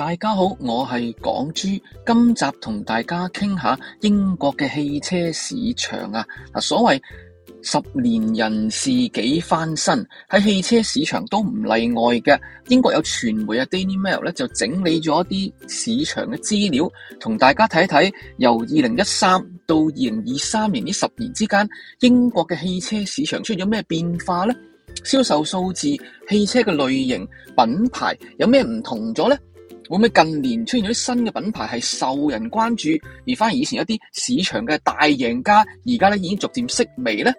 大家好，我係港豬。今集同大家傾下英國嘅汽車市場啊。嗱，所謂十年人事幾翻身，喺汽車市場都唔例外嘅。英國有傳媒啊，Daily Mail 咧就整理咗一啲市場嘅資料，同大家睇睇由二零一三到二零二三年呢十年之間，英國嘅汽車市場出現咗咩變化呢？銷售數字、汽車嘅類型、品牌有咩唔同咗呢？會唔會近年出現咗啲新嘅品牌係受人關注，而反而以前一啲市場嘅大贏家，而家咧已經逐漸式微咧？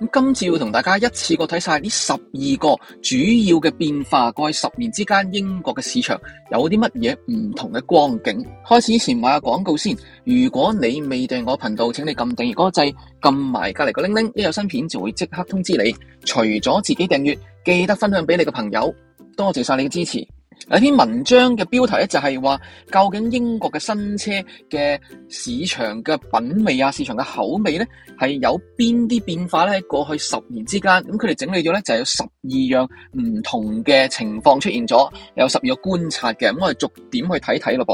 咁今次要同大家一次過睇晒呢十二個主要嘅變化，過去十年之間英國嘅市場有啲乜嘢唔同嘅光景？開始以前買下廣告先。如果你未訂我頻道，請你撳訂閱嗰個掣，撳埋隔籬個鈴鈴，一有新片就會即刻通知你。除咗自己訂閱，記得分享俾你嘅朋友。多謝晒你嘅支持。有篇文章嘅標題咧就係話，究竟英國嘅新車嘅市場嘅品味啊，市場嘅口味咧係有邊啲變化咧？過去十年之間，咁佢哋整理咗咧就有十二樣唔同嘅情況出現咗，有十二個觀察嘅，咁我哋逐點去睇睇咯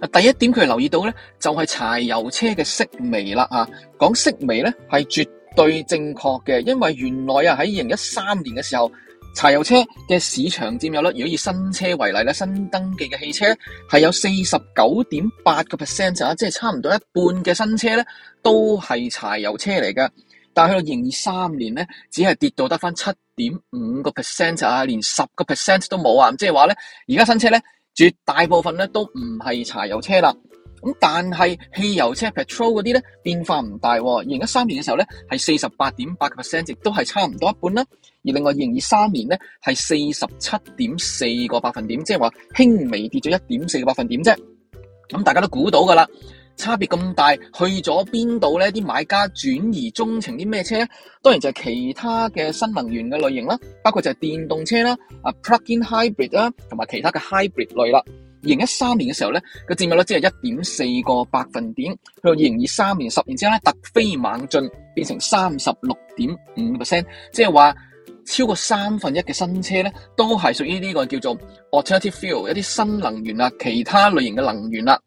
噃。第一點佢留意到咧就係柴油車嘅式微啦，啊，講式微咧係絕對正確嘅，因為原來啊喺二零一三年嘅時候。柴油車嘅市場佔有率，如果以新車為例咧，新登記嘅汽車係有四十九點八個 percent 啊，即係差唔多一半嘅新車咧都係柴油車嚟㗎。但係去到二零二三年咧，只係跌到得返七點五個 percent 啊，連十個 percent 都冇啊，即係話咧，而家新車咧絕大部分咧都唔係柴油車啦。咁但係汽油車 petrol 嗰啲咧變化唔大，二零一三年嘅時候咧係四十八點八個 percent，亦都係差唔多一半啦。而另外年呢，二零二三年咧係四十七點四個百分點，即係話輕微跌咗一點四個百分點啫。咁大家都估到噶啦，差別咁大，去咗邊度咧？啲買家轉移鍾情啲咩車？當然就係其他嘅新能源嘅類型啦，包括就係電動車啦、啊 plug-in hybrid 啦，同埋其他嘅 hybrid 類啦。二零一三年嘅時候咧，個佔有率只係一點四個百分點，去到二零二三年十年之後咧，突飛猛進變成三十六點五 percent，即係話。超過三分一嘅新車咧，都係屬於呢個叫做 alternative fuel，一啲新能源啦，其他類型嘅能源啦。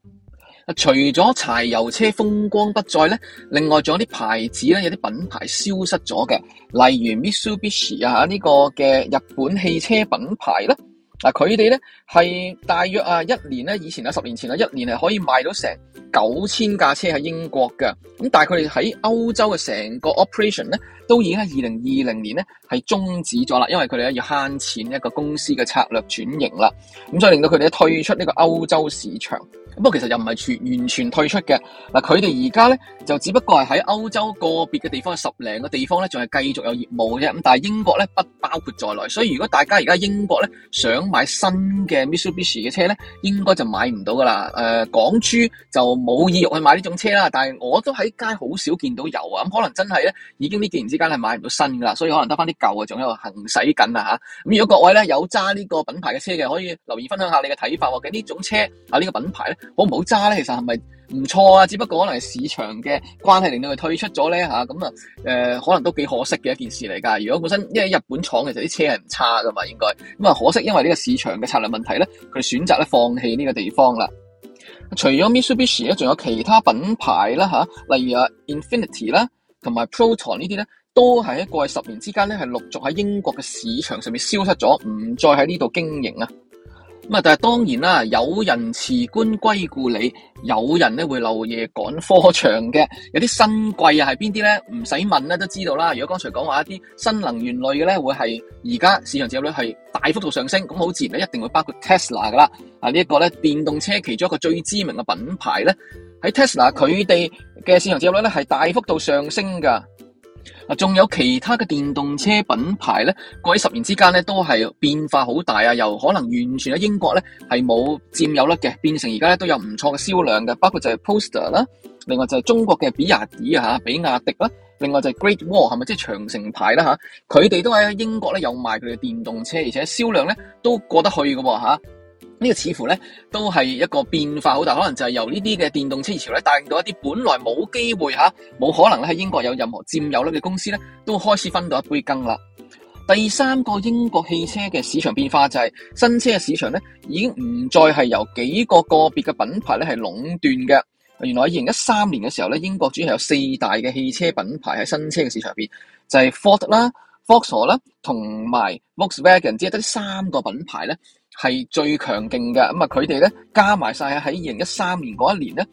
啊，除咗柴油車風光不再咧，另外仲有啲牌子咧，有啲品牌消失咗嘅，例如 Mitsubishi 啊，呢個嘅日本汽車品牌咧。嗱，佢哋咧係大約啊一年咧，以前啊十年前啊一年係可以賣到成九千架車喺英國嘅。咁但係佢哋喺歐洲嘅成個 operation 咧，都已經喺二零二零年咧係終止咗啦，因為佢哋咧要慳錢，一個公司嘅策略轉型啦。咁所以令到佢哋退出呢個歐洲市場。咁不過其實又唔係全完全退出嘅嗱，佢哋而家咧就只不過係喺歐洲個別嘅地方十零個地方咧，仲係繼續有業務嘅啫。咁但係英國咧不包括在內，所以如果大家而家英國咧想買新嘅 Mitsubishi 嘅車咧，應該就買唔到噶啦。誒、呃，港豬就冇意欲去買呢種車啦。但係我都喺街好少見到有啊。咁可能真係咧已經呢幾年之間係買唔到新噶啦，所以可能得翻啲舊嘅仲喺度行駛緊啊嚇。咁如果各位咧有揸呢個品牌嘅車嘅，可以留意分享下你嘅睇法，或者呢種車啊呢個品牌咧。好唔好揸咧？其實係咪唔錯啊？只不過可能係市場嘅關係令到佢退出咗咧吓，咁啊、呃、可能都幾可惜嘅一件事嚟㗎。如果本身因為日本廠其實啲車係唔差噶嘛，應該咁啊可惜，因為呢個市場嘅策略問題咧，佢哋選擇咧放棄呢個地方啦。除咗 Mitsubishi 咧，仲有其他品牌啦吓，例如啊 Infiniti 啦，同埋 Proton 呢啲咧，都係一個十年之間咧係陸續喺英國嘅市場上面消失咗，唔再喺呢度經營啊。但係當然啦，有人辭官歸故里，有人咧會漏夜趕科場嘅。有啲新貴啊，係邊啲呢？唔使問都知道啦。如果剛才講話一啲新能源類嘅呢，會是而家市場佔有率是大幅度上升。咁好自然一定會包括 Tesla 的啦。啊，呢個咧電動車其中一個最知名嘅品牌呢，喺 Tesla 佢哋嘅市場佔有率是大幅度上升的。啊，仲有其他嘅電動車品牌咧，過去十年之間咧，都係變化好大啊！又可能完全喺英國咧係冇佔有率嘅，變成而家咧都有唔錯嘅銷量嘅，包括就係 Porsche 啦，另外就係中國嘅比亞迪啊，比亞迪啦，另外就係 Great Wall 係咪即係長城牌啦？吓，佢哋都喺英國咧有賣佢哋嘅電動車，而且銷量咧都過得去嘅喎，吓。呢、這個似乎咧都係一個變化好大，可能就係由呢啲嘅電動車潮咧帶動到一啲本來冇機會嚇、冇可能喺英國有任何佔有率嘅公司咧，都開始分到一杯羹啦。第三個英國汽車嘅市場變化就係、是、新車嘅市場咧，已經唔再係由幾個個別嘅品牌咧係壟斷嘅。原來喺二零一三年嘅時候咧，英國主要係有四大嘅汽車品牌喺新車嘅市場入邊，就係、是、Ford 啦、Vauxhall 啦、同埋 Volkswagen 只係得三個品牌咧。係最強勁嘅，咁啊，佢哋咧加埋晒喺二零一三年嗰一年咧，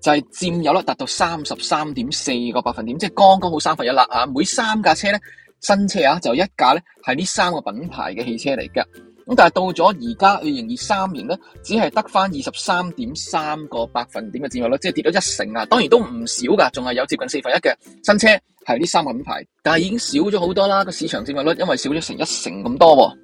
就係佔有率達到三十三點四個百分點，即係剛剛好三分一啦，啊，每三架車咧新車啊就一架咧係呢三個品牌嘅汽車嚟嘅，咁但係到咗而家二零二三年咧，只係得翻二十三點三個百分點嘅佔有率，即係跌咗一成啊，當然都唔少噶，仲係有接近四分一嘅新車係呢三個品牌，但係已經少咗好多啦，個市場佔有率因為少咗成一成咁多。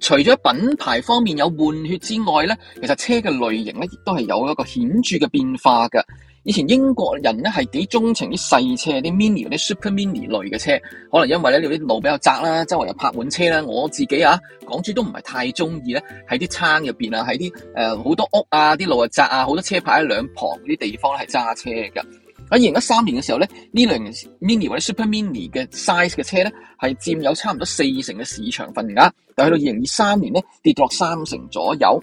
除咗品牌方面有換血之外咧，其實車嘅類型咧亦都係有一個顯著嘅變化㗎。以前英國人咧係幾鍾情啲細車、啲 mini、啲 super mini 類嘅車，可能因為咧你啲路比較窄啦，周圍又泊滿車啦。我自己啊，港豬都唔係太中意咧，喺啲㗋入邊啊，喺啲誒好多屋啊，啲路又窄啊，好多車牌喺兩旁嗰啲地方係揸車㗎。喺二零一三年嘅時候咧，呢類型 mini 或者 super mini 嘅 size 嘅車咧，係佔有差唔多四成嘅市場份額。但係去到二零二三年咧，跌落三成左右。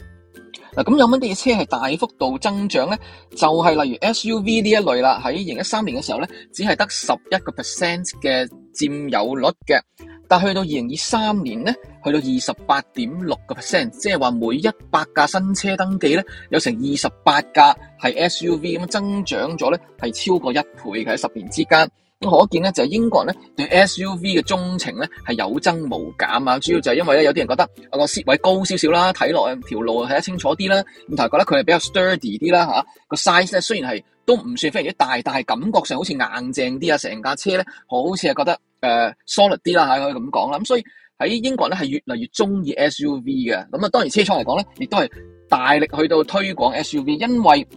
嗱，咁有乜嘢車係大幅度增長咧？就係、是、例如 SUV 呢一類啦。喺二零一三年嘅時候咧，只係得十一個 percent 嘅佔有率嘅，但去到二零二三年咧，去到二十八點六個 percent，即係話每一百架新車登記咧，有成二十八架係 SUV。咁增長咗咧，係超過一倍嘅喺十年之間。可見咧，就係英國人咧對 SUV 嘅鍾情咧係有增無減啊！主要就係因為咧有啲人覺得啊個車位高少少啦，睇落啊條路睇得清楚啲啦，咁但又覺得佢係比較 sturdy 啲啦吓，個 size 咧雖然係都唔算非常之大，但係感覺上好似硬淨啲啊！成架車咧好似係覺得誒、呃、solid 啲啦吓，可以咁講啦。咁所以喺英國咧係越嚟越中意 SUV 嘅。咁啊，當然車廠嚟講咧，亦都係大力去到推廣 SUV，因為。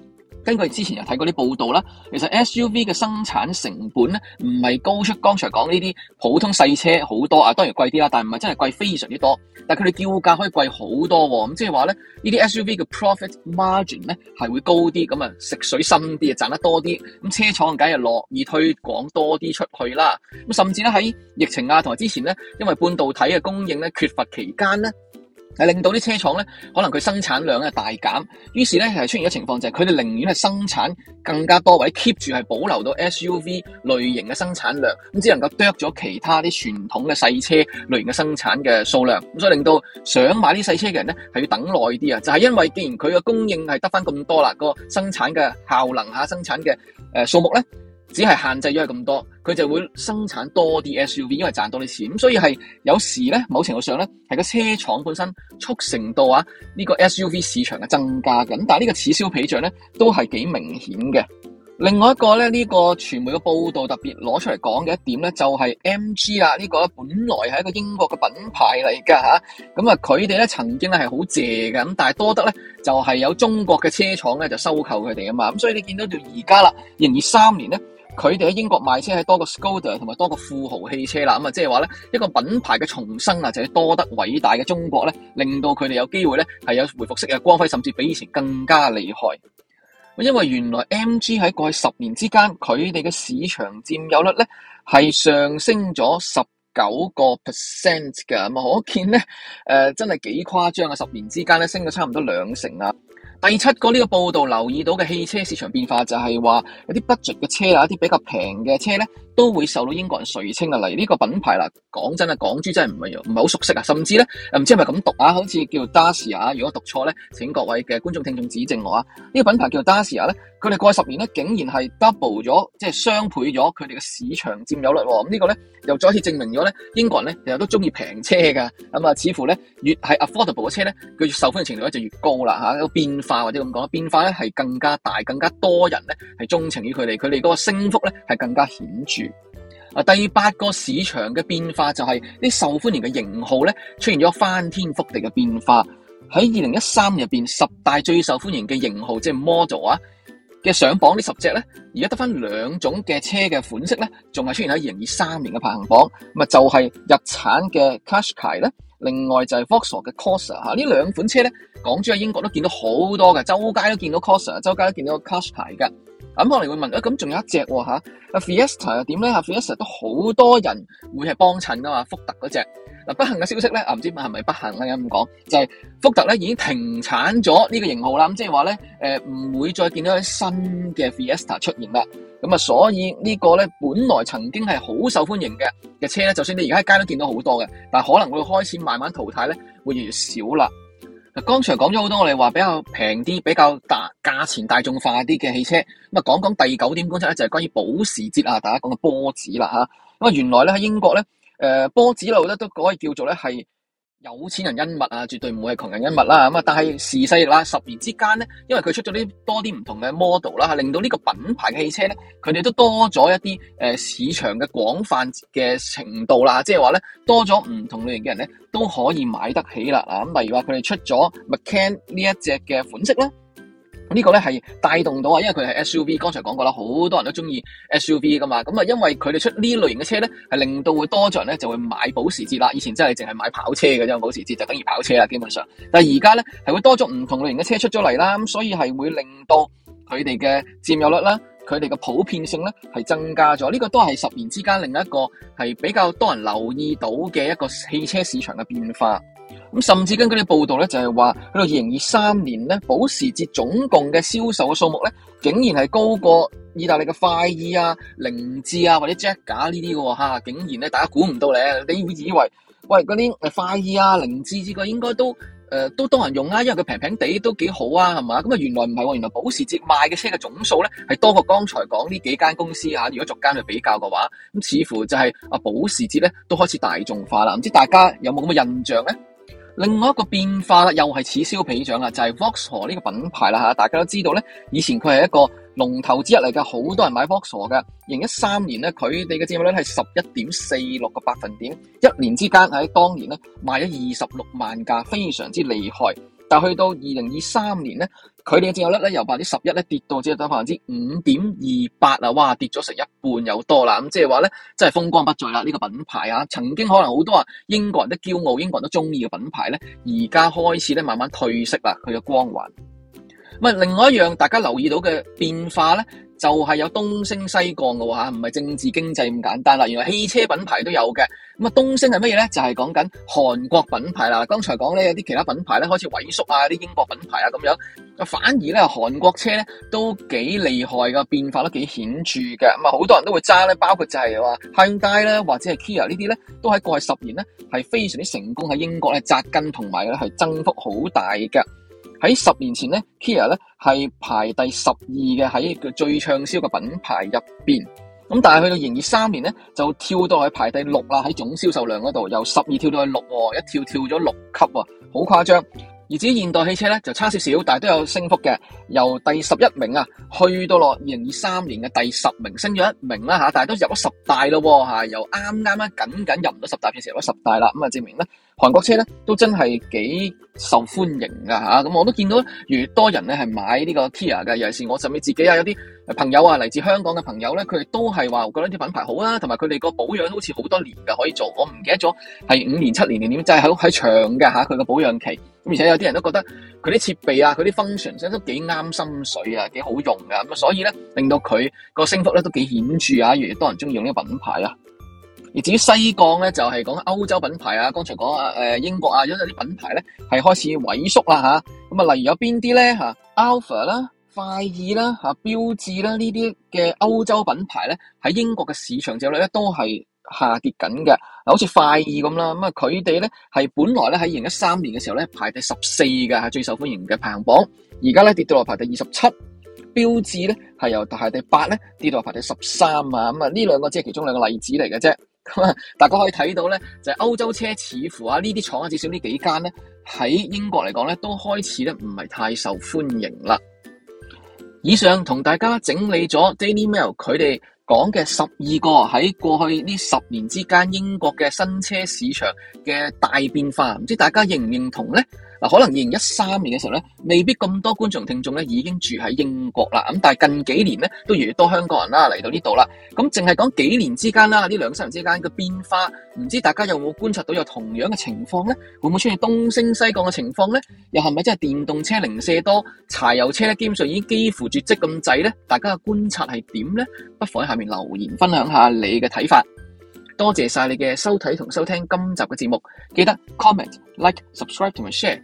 根據之前有睇過啲報道啦，其實 SUV 嘅生產成本咧唔係高出剛才講呢啲普通細車好多啊，當然貴啲啦，但係唔係真係貴非常之多。但佢哋叫價可以貴好多喎，咁即係話咧呢啲 SUV 嘅 profit margin 咧係會高啲，咁啊食水深啲啊，賺得多啲，咁車廠梗係樂意推廣多啲出去啦。咁甚至咧喺疫情啊同埋之前咧，因為半導體嘅供應咧缺乏期間咧。係令到啲車廠咧，可能佢生產量咧大減，於是咧出現一個情況就係，佢哋寧願係生產更加多，或者 keep 住係保留到 SUV 類型嘅生產量，咁只能夠剁咗其他啲傳統嘅細車類型嘅生產嘅數量，咁所以令到想買啲細車嘅人咧係要等耐啲啊！就係因為既然佢嘅供應係得翻咁多啦，個生產嘅效能下，生產嘅誒數目咧。只係限制咗佢咁多，佢就會生產多啲 SUV，因為賺多啲錢。咁所以係有時咧，某程度上咧，係個車廠本身促成到啊呢個 SUV 市場嘅增加。咁但係呢個此消彼長咧，都係幾明顯嘅。另外一個咧，呢個傳媒嘅報道特別攞出嚟講嘅一點咧，就係 MG 啊。呢個本來係一個英國嘅品牌嚟㗎吓，咁啊佢哋咧曾經係好借嘅，咁但係多得咧就係有中國嘅車廠咧就收購佢哋啊嘛。咁所以你見到到而家啦，二零二三年咧。佢哋喺英國賣車，係多個 Skoda 同埋多個富豪汽車啦。咁啊，即係話咧，一個品牌嘅重生啊，就係多得偉大嘅中國咧，令到佢哋有機會咧係有回復式嘅光輝，甚至比以前更加厲害。因為原來 MG 喺過去十年之間，佢哋嘅市場佔有率咧係上升咗十九個 percent 㗎。咁啊，可見咧，誒、呃、真係幾誇張啊！十年之間咧，升咗差唔多兩成啊！第七個呢個報道留意到嘅汽車市場變化，就係話有啲不 u 嘅車啊，一啲比較平嘅車咧。都會受到英國人垂青啊！例如呢個品牌啦，講真啊，港豬真係唔係唔係好熟悉啊！甚至咧，唔知係咪咁讀啊？好似叫 Dacia。如果讀錯咧，請各位嘅觀眾聽眾指正我啊！呢、這個品牌叫 Dacia 咧，佢哋過去十年咧，竟然係 double 咗，即係雙倍咗佢哋嘅市場佔有率喎！咁、哦這個、呢個咧，又再一次證明咗咧，英國人咧其實都中意平車㗎。咁、嗯、啊，似乎咧越係 affordable 嘅車咧，佢越受歡迎程度咧就越高啦嚇。個、啊、變化或者咁講，變化咧係更加大，更加多人咧係鍾情於佢哋，佢哋嗰個升幅咧係更加顯著。啊！第八個市場嘅變化就係啲受歡迎嘅型號咧，出現咗翻天覆地嘅變化。喺二零一三年入邊，十大最受歡迎嘅型號即係 model 啊嘅上榜呢十隻咧，而家得翻兩種嘅車嘅款式咧，仲係出現喺二零二三年嘅排行榜。咁啊，就係日產嘅 Qashqai 咧，另外就係 Vauxhall 嘅 Corsa 吓，呢兩款車咧，港豬喺英國都見到好多嘅，周街都見到 Corsa，周街都見到 Qashqai 噶。咁我哋會問咁仲、啊、有一隻喎阿 Fiesta 又點咧？阿 Fiesta 都好多人會係幫襯噶嘛，福特嗰隻。嗱、啊，不幸嘅消息咧，唔、啊、知係咪不，不幸咧咁講，就係、是、福特咧已經停產咗呢個型號啦。咁即係話咧，誒、就、唔、是呃、會再見到新嘅 Fiesta 出現啦。咁啊，所以個呢個咧本來曾經係好受歡迎嘅嘅車咧，就算你而家喺街都見到好多嘅，但可能會開始慢慢淘汰咧，會越嚟越少啦。剛才講咗好多，我哋話比較平啲，比較大價錢大眾化啲嘅汽車，咁啊講講第九點觀察咧就係關於保時捷啊，大家講嘅波子啦吓，咁啊原來咧喺英國咧，誒波子路咧都可以叫做咧係，有錢人恩物啊，絕對唔會係窮人恩物啦。咁啊，但係時勢啦，十年之間咧，因為佢出咗啲多啲唔同嘅 model 啦，令到呢個品牌嘅汽車咧，佢哋都多咗一啲誒、呃、市場嘅廣泛嘅程度啦。即係話咧，多咗唔同類型嘅人咧，都可以買得起啦。咁，例如話佢哋出咗 Macan 呢一隻嘅款式啦。這個、呢個咧係帶動到啊，因為佢係 SUV，剛才講過啦，好多人都中意 SUV 噶嘛。咁啊，因為佢哋出呢類型嘅車咧，係令到會多咗人咧，就會買保時捷啦。以前真係淨係買跑車嘅啫，保時捷就等於跑車啦，基本上。但係而家咧，係會多咗唔同類型嘅車出咗嚟啦，咁所以係會令到佢哋嘅佔有率啦，佢哋嘅普遍性咧係增加咗。呢、這個都係十年之間另一個係比較多人留意到嘅一個汽車市場嘅變化。咁甚至跟嗰啲報道咧，就係話去到二零二三年咧，保時捷總共嘅銷售嘅數目咧，竟然係高過意大利嘅快意啊、凌志啊或者積架呢啲嘅嚇，竟然咧大家估唔到咧，你會以為喂嗰啲快意啊、凌志之類應該都誒、呃、都多人用啊，因為佢平平地都幾好啊，係嘛？咁啊原來唔係喎，原來保時捷賣嘅車嘅總數咧係多過剛才講呢幾間公司啊，如果逐間去比較嘅話，咁似乎就係保時捷咧都開始大眾化啦。唔知大家有冇咁嘅印象咧？另外一個變化啦，又係此消彼長啊，就係 Vauxhall 呢個品牌啦吓，大家都知道咧，以前佢係一個龍頭之一嚟嘅，好多人買 Vauxhall 嘅，零一三年咧，佢哋嘅佔有率係十一點四六個百分點，一年之間喺當年咧賣咗二十六萬架，非常之厲害。但去到二零二三年咧，佢哋嘅佔有率咧由百分之十一咧跌到只有得百分之五點二八啊，哇，跌咗成一半有多啦！咁即係話咧，真係風光不再啦。呢個品牌啊，曾經可能好多啊英國人都驕傲、英國人都中意嘅品牌咧，而家開始咧慢慢褪色啦，佢嘅光環。另外一樣大家留意到嘅變化咧。就係、是、有東升西降嘅喎，唔係政治經濟咁簡單啦。原來汽車品牌都有嘅。咁啊，東升係乜嘢咧？就係講緊韓國品牌啦。剛才講咧有啲其他品牌咧開始萎縮啊，啲英國品牌啊咁樣，反而咧韓國車咧都幾厲害嘅，變化都幾顯著嘅。咁啊，好多人都會揸咧，包括就係話 Hyundai 或者係 Kia 呢啲咧，都喺過去十年咧係非常之成功喺英國咧紮根同埋咧係增幅好大嘅。喺十年前咧，Kia 咧係排第十二嘅喺佢最暢銷嘅品牌入邊，咁但係去到二零二三年咧就跳到去排第六啦，喺總銷售量嗰度由十二跳到去六，一跳跳咗六級喎，好誇張。而至於現代汽車咧就差少少，但係都有升幅嘅，由第十一名啊去到落二零二三年嘅第十名，升咗一名啦吓，但係都入咗十大咯吓，由啱啱啊僅僅入唔到十大嘅時候入咗十大啦，咁啊證明咧。韓國車咧都真係幾受歡迎噶吓，咁、啊嗯、我都見到越多人咧係買呢個 Kia 嘅，尤其是我甚至自己啊，有啲朋友啊，嚟自香港嘅朋友咧，佢哋都係話覺得啲品牌好啦，啊，同埋佢哋個保養好似好多年嘅可以做，我唔記得咗係五年七年定點，即係喺喺長嘅吓，佢、啊、個保養期。咁而且有啲人都覺得佢啲設備啊，佢啲 function 都幾啱心水啊，幾好用噶。咁、啊、所以咧令到佢個升幅咧都幾顯著啊，越嚟越多人中意用呢個品牌啊。而至於西降咧，就係、是、講歐洲品牌啊。剛才講啊，英國啊，有啲品牌咧係開始萎縮啦嚇。咁啊，例如有邊啲咧嚇？Alfa 啦、快意啦、嚇、啊啊、標誌啦，呢啲嘅歐洲品牌咧，喺英國嘅市場佔有率咧都係下跌緊嘅。嗱，好似快意咁啦，咁啊佢哋咧係本來咧喺二零一三年嘅時候咧排第十四嘅，係最受歡迎嘅排行榜。而家咧跌到落排第二十七。標誌咧係由排第八咧跌到排第十三啊。咁啊，呢兩個即係其中兩個例子嚟嘅啫。咁啊，大家可以睇到咧，就係歐洲車似乎啊，呢啲廠啊，至少呢幾間咧，喺英國嚟講咧，都開始咧唔係太受歡迎啦。以上同大家整理咗 Daily Mail 佢哋講嘅十二個喺過去呢十年之間英國嘅新車市場嘅大變化，唔知大家認唔認同咧？可能二零一三年嘅時候呢，未必咁多觀眾聽眾呢已經住喺英國啦，咁但係近幾年呢，都越嚟越多香港人啦嚟到呢度啦，咁淨係講幾年之間啦，呢兩三年之間嘅變化，唔知大家有冇觀察到有同樣嘅情況呢？會唔會出現東升西降嘅情況呢？又係咪真係電動車零舍多，柴油車基本上已經幾乎絕迹咁滯咧？大家嘅觀察係點呢？不妨喺下面留言分享下你嘅睇法。多謝晒你嘅收睇同收聽今集嘅節目，記得 comment、like、subscribe 同埋 share。